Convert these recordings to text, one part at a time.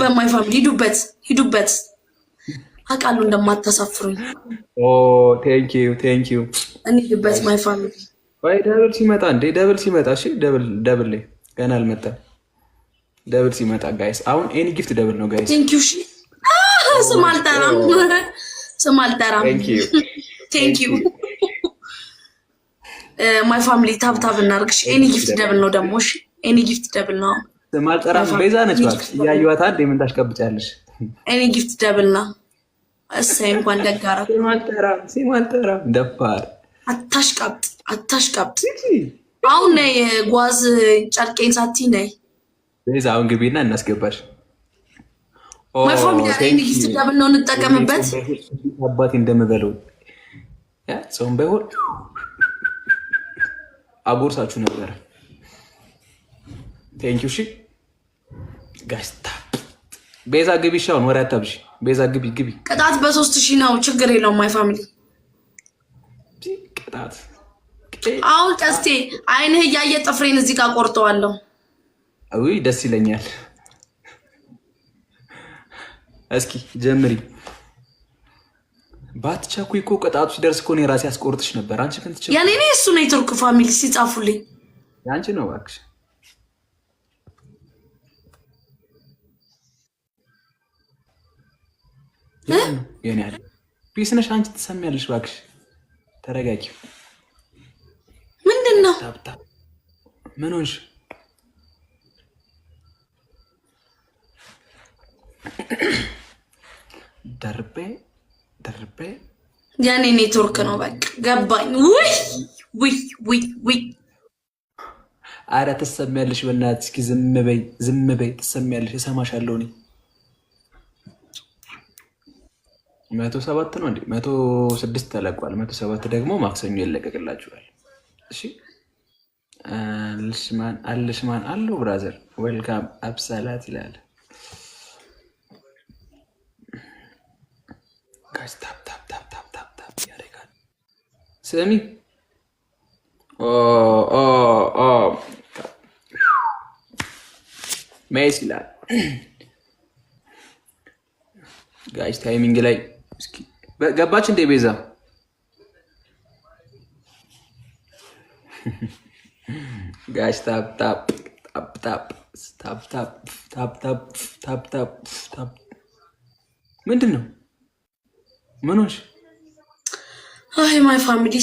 በማይ ፋሚሊ ሂዱበት፣ ሂዱበት። አውቃለሁ እንደማታሳፍሩኝ። ኦ ቴንክ ዩ ቴንክ ዩ። እንሂድበት ማይ ፋሚሊ። ወይ ደብል ሲመጣ እንዴ! ደብል ሲመጣ እሺ፣ ደብል ደብል ገና አልመጣም። ደብል ሲመጣ ጋይስ፣ አሁን ኤኒ ጊፍት ደብል ነው ጋይስ። ቴንክ ዩ። እሺ፣ ስም አልጠራም፣ ስም አልጠራም። ቴንክ ዩ ማይ ፋሚሊ። ታብታብ እናድርግ። ኤኒ ጊፍት ደብል ነው ደግሞ። ኤኒ ጊፍት ደብል ነው። ማልጠራሱ ቤዛ ነች እባክሽ። እያየኋት አንድ የምን ታሽቀብጫለሽ? እኔ ጊፍት ደብል ና እሰይ እንኳን ደጋራት። ማልጠራም ሲማልጠራም ደፋር አታሽቀብጥ፣ አታሽቀብጥ። አሁን ነይ ጓዝ ጨርቄን ሳቲ ነይ ቤዛ። አሁን ግቢና እናስገባሽ። ማይፎሚዳ ጊፍት ደብል ነው እንጠቀምበት። አባቴ እንደምበለው ሰውን ባይሆን አጎርሳችሁ ነበረ። ቴንኪው ሺ ጋስታ ቤዛ ግቢ ሻውን ወሬ አታብሽ። ቤዛ ግቢ ግቢ። ቅጣት በሶስት ሺህ ነው። ችግር የለውም። ማይ ፋሚሊ ቅጣት አሁን ቀስቴ አይንህ እያየ ጥፍሬን እዚህ ጋር ቆርጠዋለሁ። ውይ ደስ ይለኛል። እስኪ ጀምሪ። ባትቸኩይ እኮ ቅጣቱ ሲደርስ እኮ እኔ ራሴ አስቆርጥሽ ነበር። አንቺ ግን የኔ እሱ ነው የቱርክ ፋሚሊ ሲጻፉልኝ የአንቺ ነው እባክሽ ቢስ ነሽ አንቺ ትሰሚያለሽ። እባክሽ ተረጋጊ። ምንድን ነው ምን ሆንሽ? ደርቤ ደርቤ ያኔ ኔትወርክ ነው በቃ ገባኝ። ውይ ውይ ውይ ውይ አረ ትሰሚያለሽ። በእናትሽ እስኪ ዝም በይ ዝም በይ። ትሰሚያለሽ፣ እሰማሻለሁ እኔ መቶ ሰባት ነው እንዴ? መቶ ስድስት ተለቋል። መቶ ሰባት ደግሞ ማክሰኞ ይለቀቅላችኋል። እሺ አልሽማን አልሽማን አለው ብራዘር ዌልካም አብሳላት ይላል። ስሚ ሜስ ይላል ጋይስ ታይሚንግ ላይ ገባች እንዴ ቤዛ? ጋሽ ታፕታፕታፕታፕታፕታፕታፕታፕታፕ ምንድን ነው ምኖች? አይ ማይ ፋሚሊ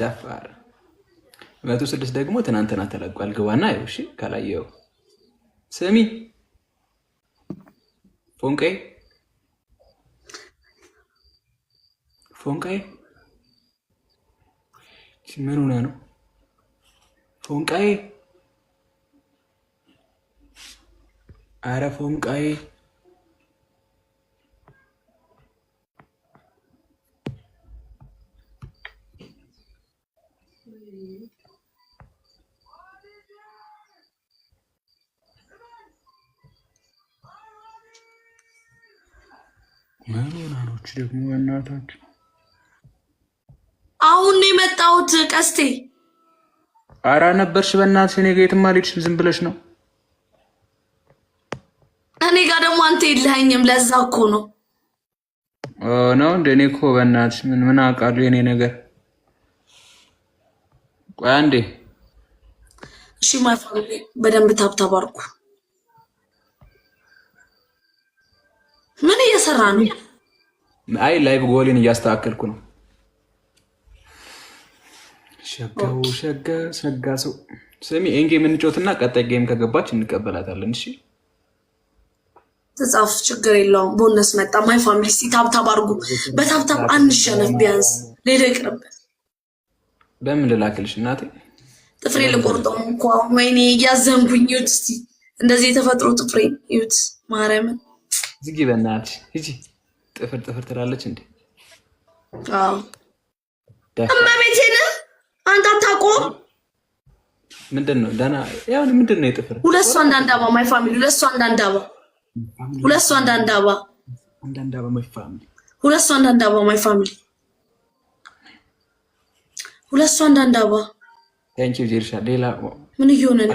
ደፋር መቶ ስድስት ደግሞ ትናንትና ተለቋል። ግባና ያው እሺ፣ ሰሚ ስሚ ፎንቄ ፎንቄ ምን ሆነ ነው ፎንቃይ አረ ፎንቃይ? ምናኖች ደግሞ እናታችሁ አሁን የመጣሁት። ቀስቴ አራ ነበርሽ። በእናትሽ እኔ ጋ የትም አልሄድሽም። ዝም ብለሽ ነው። እኔ ጋር ደግሞ አንተ የለኸኝም። ለዛ እኮ ነው ነው እንደ እኔ እኮ በእናትሽ ምን ምን አውቃለሁ። የኔ ነገር ቆይ አንዴ። እሺ ማይፋ በደንብ ታብታባርኩ ምን እየሰራ ነው? አይ ላይቭ ጎሊን እያስተካከልኩ ነው። ሸጋው ሸጋ ሸጋ ሰው ስሚ፣ ጌም እንጮትና ቀጣይ ጌም ከገባች እንቀበላታለን። እሺ ተጻፍ፣ ችግር የለውም። ቦነስ መጣ። ማይ ፋሚሊ ሲ ታብታብ አድርጉ። በታብታብ አንሸነፍ ቢያንስ ሌላ ይቅርበት። በምን ልላክልሽ እናቴ? ጥፍሬ ልቆርጠው እንኳ ወይኔ፣ እያዘንኩኝ ዩት። እንደዚህ የተፈጥሮ ጥፍሬ ዩት ማርያምን ዝጊ በናትሽ ሂጂ። ጥፍር ጥፍር ትላለች እንዴ? አዎ እመቤቴ ነህ አንተ አታውቀውም። ምንድን ነው ደህና ያሁን ምንድን ነው የጥፍር ሁለት ሰው አንዳንድ አባ ማይ ፋሚሊ ሁለት ሰው አንዳንድ አባ ሁለት ሰው አንዳንድ አባ አንዳንድ አባ ማይ ፋሚሊ ሁለት ሰው አንዳንድ አባ ማይ ፋሚሊ ሁለት ሰው አንዳንድ አባ ቴንክ ዩ ጀርሻ ሌላ ምን እየሆነ ነው?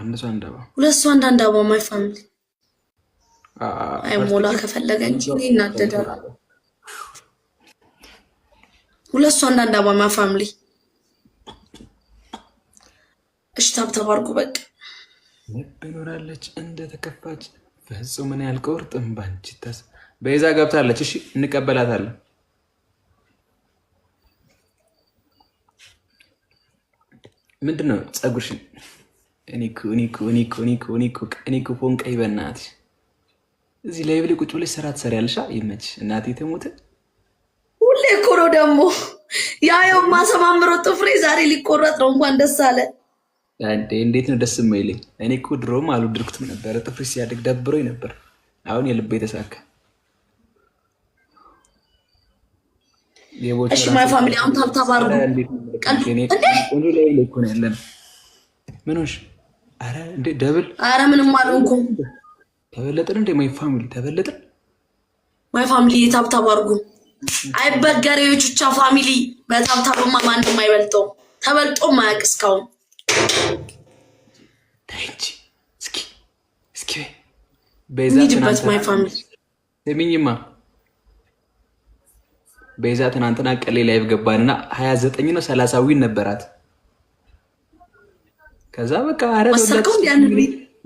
አንድ ሰው አንዳንድ አባ ሁለት ሰው አንዳንድ አባ ማይ ፋሚሊ አይሞላ ከፈለገ እንጂ ይናደዳል። ሁለሱ አንዳንድ አማማ ፋሚሊ እሽታብ ታብታብ በቅ በቃ ልብ ኖራለች እንደተከፋች ፈጽሞ ምን ያልቆርጥም ባንቺ ተስ በይዛ ገብታለች። እሺ እንቀበላታለን። ምንድን ነው ፀጉርሽን? እኔ እኮ እኔ እኮ እኔ እኮ እኔ እኮ እኔ እኮ ፎንቀይ በእናትሽ እዚህ ላይ ብለህ ቁጭ ብለሽ ስራ ትሰሪያለሻ። ይመች እናቴ የተሞተ ሁሌ እኮ ነው ደግሞ ያ የው ማሰማምረው ጥፍሬ ዛሬ ሊቆረጥ ነው። እንኳን ደስ አለ። እንዴት ነው ደስ የማይለኝ? እኔ እኮ ድሮም አልወደድኩትም ነበረ። ጥፍሬ ሲያድግ ደብሮኝ ነበር። አሁን የልቤ የተሳካ። እሺ ማይ ፋሚሊ፣ አሁን ታብታብ አድርጉ። ምን ሆንሽ? ኧረ ምንም አልሆንኩም። ተበለጥን እንደ ማይ ፋሚሊ ተበለጥን። ማይ ፋሚሊ የታብታብ አርጉ። አይበገሬዎች ብቻ ፋሚሊ። በታብታብማ ማንም አይበልጠው፣ ተበልጦ ማያቅስካው እስካሁን። ታንቺ እስኪ እስኪ በዛ ማይ ፋሚሊ ለሚኝማ በዛ ትናንትና ቀሌ ላይቭ ገባንና 29 ነው 30 ዊን ነበራት። ከዛ በቃ አረ ነው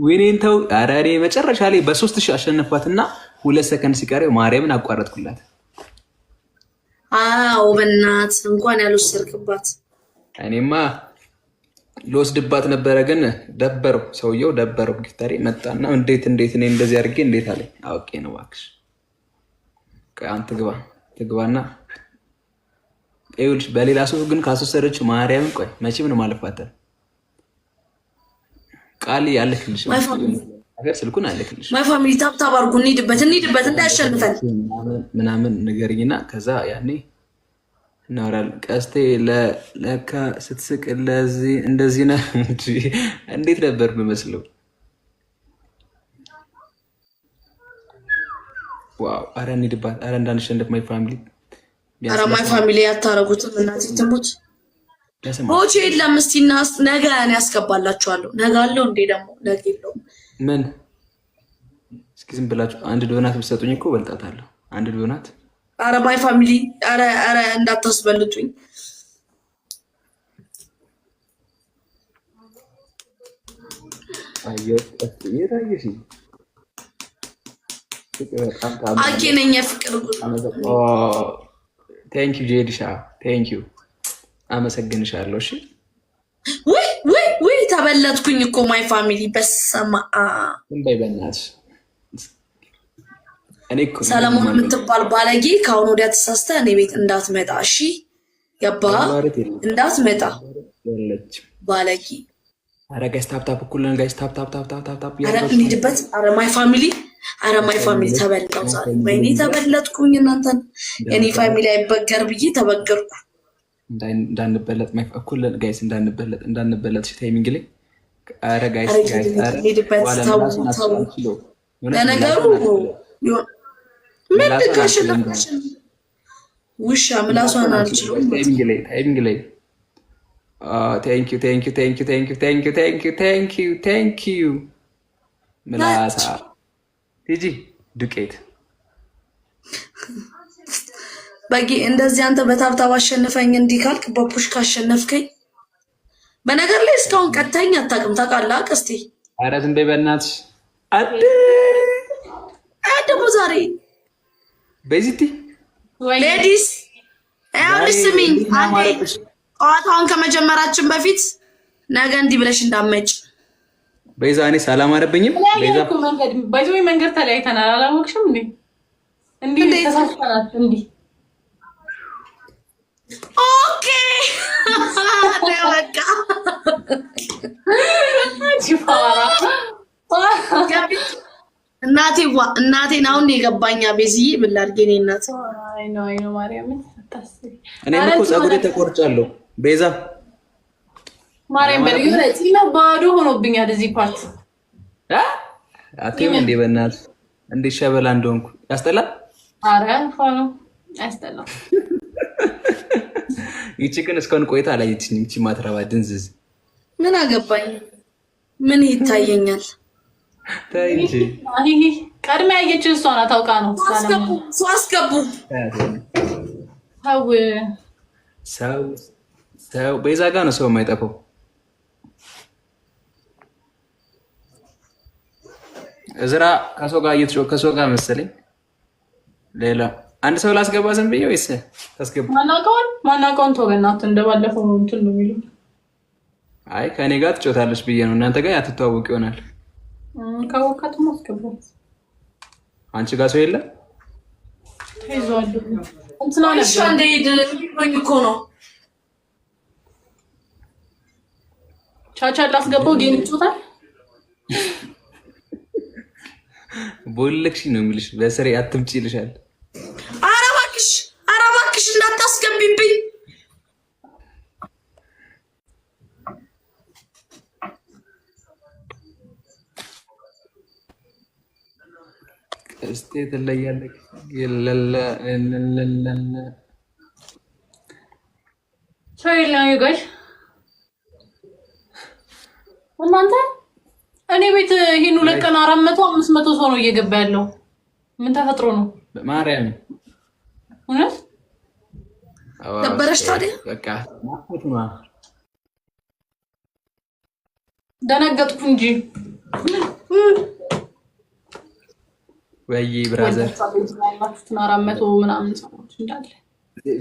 ወይኔን ተው። ኧረ እኔ መጨረሻ ላይ በሶስት ሺህ አሸነፏትና ሁለት ሰከንድ ሲቀረው ማርያምን አቋረጥኩላት። አዎ በእናት እንኳን ያልወሰድክባት። እኔማ ልወስድባት ነበረ፣ ግን ደበረው ሰውየው ደበረው። ጊታሪ መጣና እንዴት እንዴት እኔ እንደዚህ አድርጌ እንዴት አለ። አውቄ ነው እባክሽ፣ አንተ ግባ ትግባና ይኸውልሽ። በሌላ ሰው ግን ካስወሰደች ማርያምን ቆይ መቼም ነው የማልፋት ቃል ያለክልሽ ነገር ስልኩን አለክልሽ። ማይ ፋሚሊ ታብታብ አድርጉ፣ እንሂድበት እንሂድበት፣ እንዳያሸንፈን ምናምን ንገርኝና ከዛ ያኔ እናወራለን። ቀስቴ ለካ ስትስቅ እንደዚህ ነ እንዴት ነበር የምመስለው? ዋው! አረ እንሂድባት፣ አረ እንዳንሸንፍ ማይ ፋሚሊ፣ አረ ማይ ፋሚሊ ያታረጉትም እናቴ ትሙት። ቦቼ የለም። እስቲ ነገ እኔ ያስገባላችኋለሁ። ነገ አለው እንዴ? ደግሞ ነገ የለውም። ምን እስኪ ዝም ብላችሁ አንድ ዶናት ብሰጡኝ እኮ በልጣታለሁ። አንድ ዶናት። አረ ባይ ፋሚሊ፣ አረ አረ እንዳታስበልጡኝ። አኬ ነኝ የፍቅር ጉዞ። ቴንኪዩ ጄዲሻ ቴንኪዩ አመሰግንሻለሁ። እሺ ውይ ውይ ውይ ተበለጥኩኝ እኮ ማይ ፋሚሊ በሰማ እንበይ በእናትሽ ሰለሞን የምትባል ባለጌ ከአሁን ወዲያ ተሳስተ እኔ ቤት እንዳትመጣ እሺ ገባ እንዳትመጣ ባለጌ አረ ጋይስ ታፕታፕ እኩልን ጋይስ ታፕታፕታፕታፕታፕ አረ እንሂድበት አረ ማይ ፋሚሊ አረ ማይ ፋሚሊ ተበላው ዛሬ ወይኔ ተበለጥኩኝ እናንተን የኔ ፋሚሊ አይበገር ብዬ ተበገርኩ እንዳንበለጥ እኩል ጋይስ እንዳንበለጥ እንዳንበለጥ ታይሚንግ ላይ ኧረ ጋይስ ዱቄት በጊ እንደዚህ አንተ በታብታብ አሸነፈኝ እንዲህ ካልክ በፑሽ ካሸነፍከኝ በነገር ላይ እስካሁን ቀጥተኸኝ አታውቅም። ታውቃለህ ቀስቴ። ኧረ ዝም በይ በእናትሽ። ደግሞ ዛሬ በዚቲ ሌዲስ አሁንስ ስሚኝ አንዴ። ጨዋታውን ከመጀመራችን በፊት ነገ እንዲህ ብለሽ እንዳትመጪ በይዛ። እኔ ሰላም አረብኝም በይዛ መንገድ ተለያይተናል። አላወቅሽም እንዴ? እንዴ ተሳስተናል እንዴ ኦኬ በቃ እናቴ እናቴን አሁን የገባኛ ቤዝዬ ብላድጌ ኔ እናት እኔ እኮ ፀጉሬ ተቆርጫለሁ። ቤዛ ማርያም በልዩ ነፂና ባዶ ሆኖብኛል። እዚህ ፓርት ሸበላ እንደሆንኩ ያስጠላል። ያስጠላል። ይቺ ግን እስካሁን ቆይታ አላየችኝም። ይቺ ማትረባ ድንዝዝ ምን አገባኝ? ምን ይታየኛል? ተይ ቀድሜ ያየችው እሷ ናት። ታውቃ ነው ሰው አስገቡ። ሰው ሰው በዛ ጋ ነው ሰው የማይጠፋው። እዝራ ከሰው ጋር እየተጮ ከሰው ጋር መሰለኝ ሌላ አንድ ሰው ላስገባ ዝም ብዬ ወይስ ታስገባ? ማናቀውን ማናቀውን ተወው፣ እንደባለፈው እንትን ነው የሚሉ። አይ ከእኔ ጋር ትጮታለች ብዬ ነው። እናንተ ጋር ያትተዋወቅ ይሆናል። አንቺ ጋር ሰው የለም እኮ ነው ቻቻ ላስገባው ጌም ይጮታል። ነው የሚልሽ። በስሬ አትምጭ ይልሻል አታስገቢብኝ። እስቲ ትለያለህ። ሰው የለም ይቆይ። እናንተ እኔ ቤት ይህን ሁለት ቀን አራት መቶ አምስት መቶ ሰው ነው እየገባ ያለው። ምን ተፈጥሮ ነው? ማርያም እውነት ነበረች። ታዲያ ደነገጥኩ እንጂ ወይ ብራዘር ምናምን ሰዎች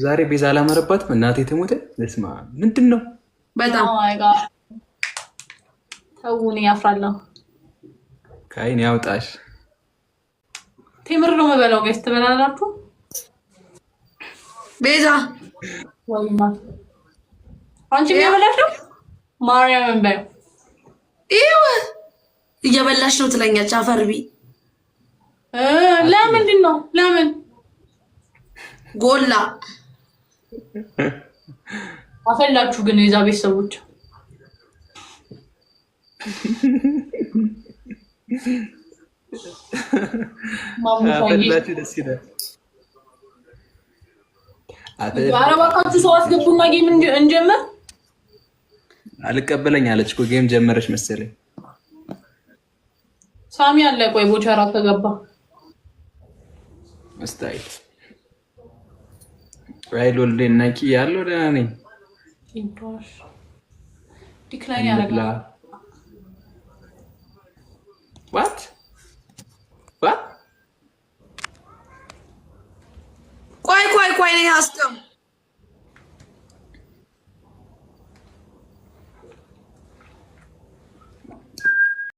ዛሬ ቤዛ አላመረባትም። እናቴ ተሞተ ስማ፣ ምንድን ነው በጣም oh ተውን ያፍራለሁ። ከአይን ያውጣሽ። ቴምር ነው የምበላው። ጋይስ ትበላላችሁ ቤዛ ወይማ አንቺ የሚያበላሽ ነው። ማርያምን በይው። ይኸው እየበላሽ ነው ትለኛች። አፈርቢ ለምንድን ነው? ለምን ጎላ አፈላችሁ? ግን የዛ ቤት ሰዎች ማሙሻ ደስ ይላል። ኧረ ሰው አስገቡና ጌም እንጀምር። አልቀበለኝ አለች እኮ ጌም ጀመረች መሰለኝ። ሳሚ አለ። ቆይ ቦቻራ ከገባ እስታይ ራይል ወልዴ ያለው ደህና ነኝ። ዲክላይን ዋት quite accustomed.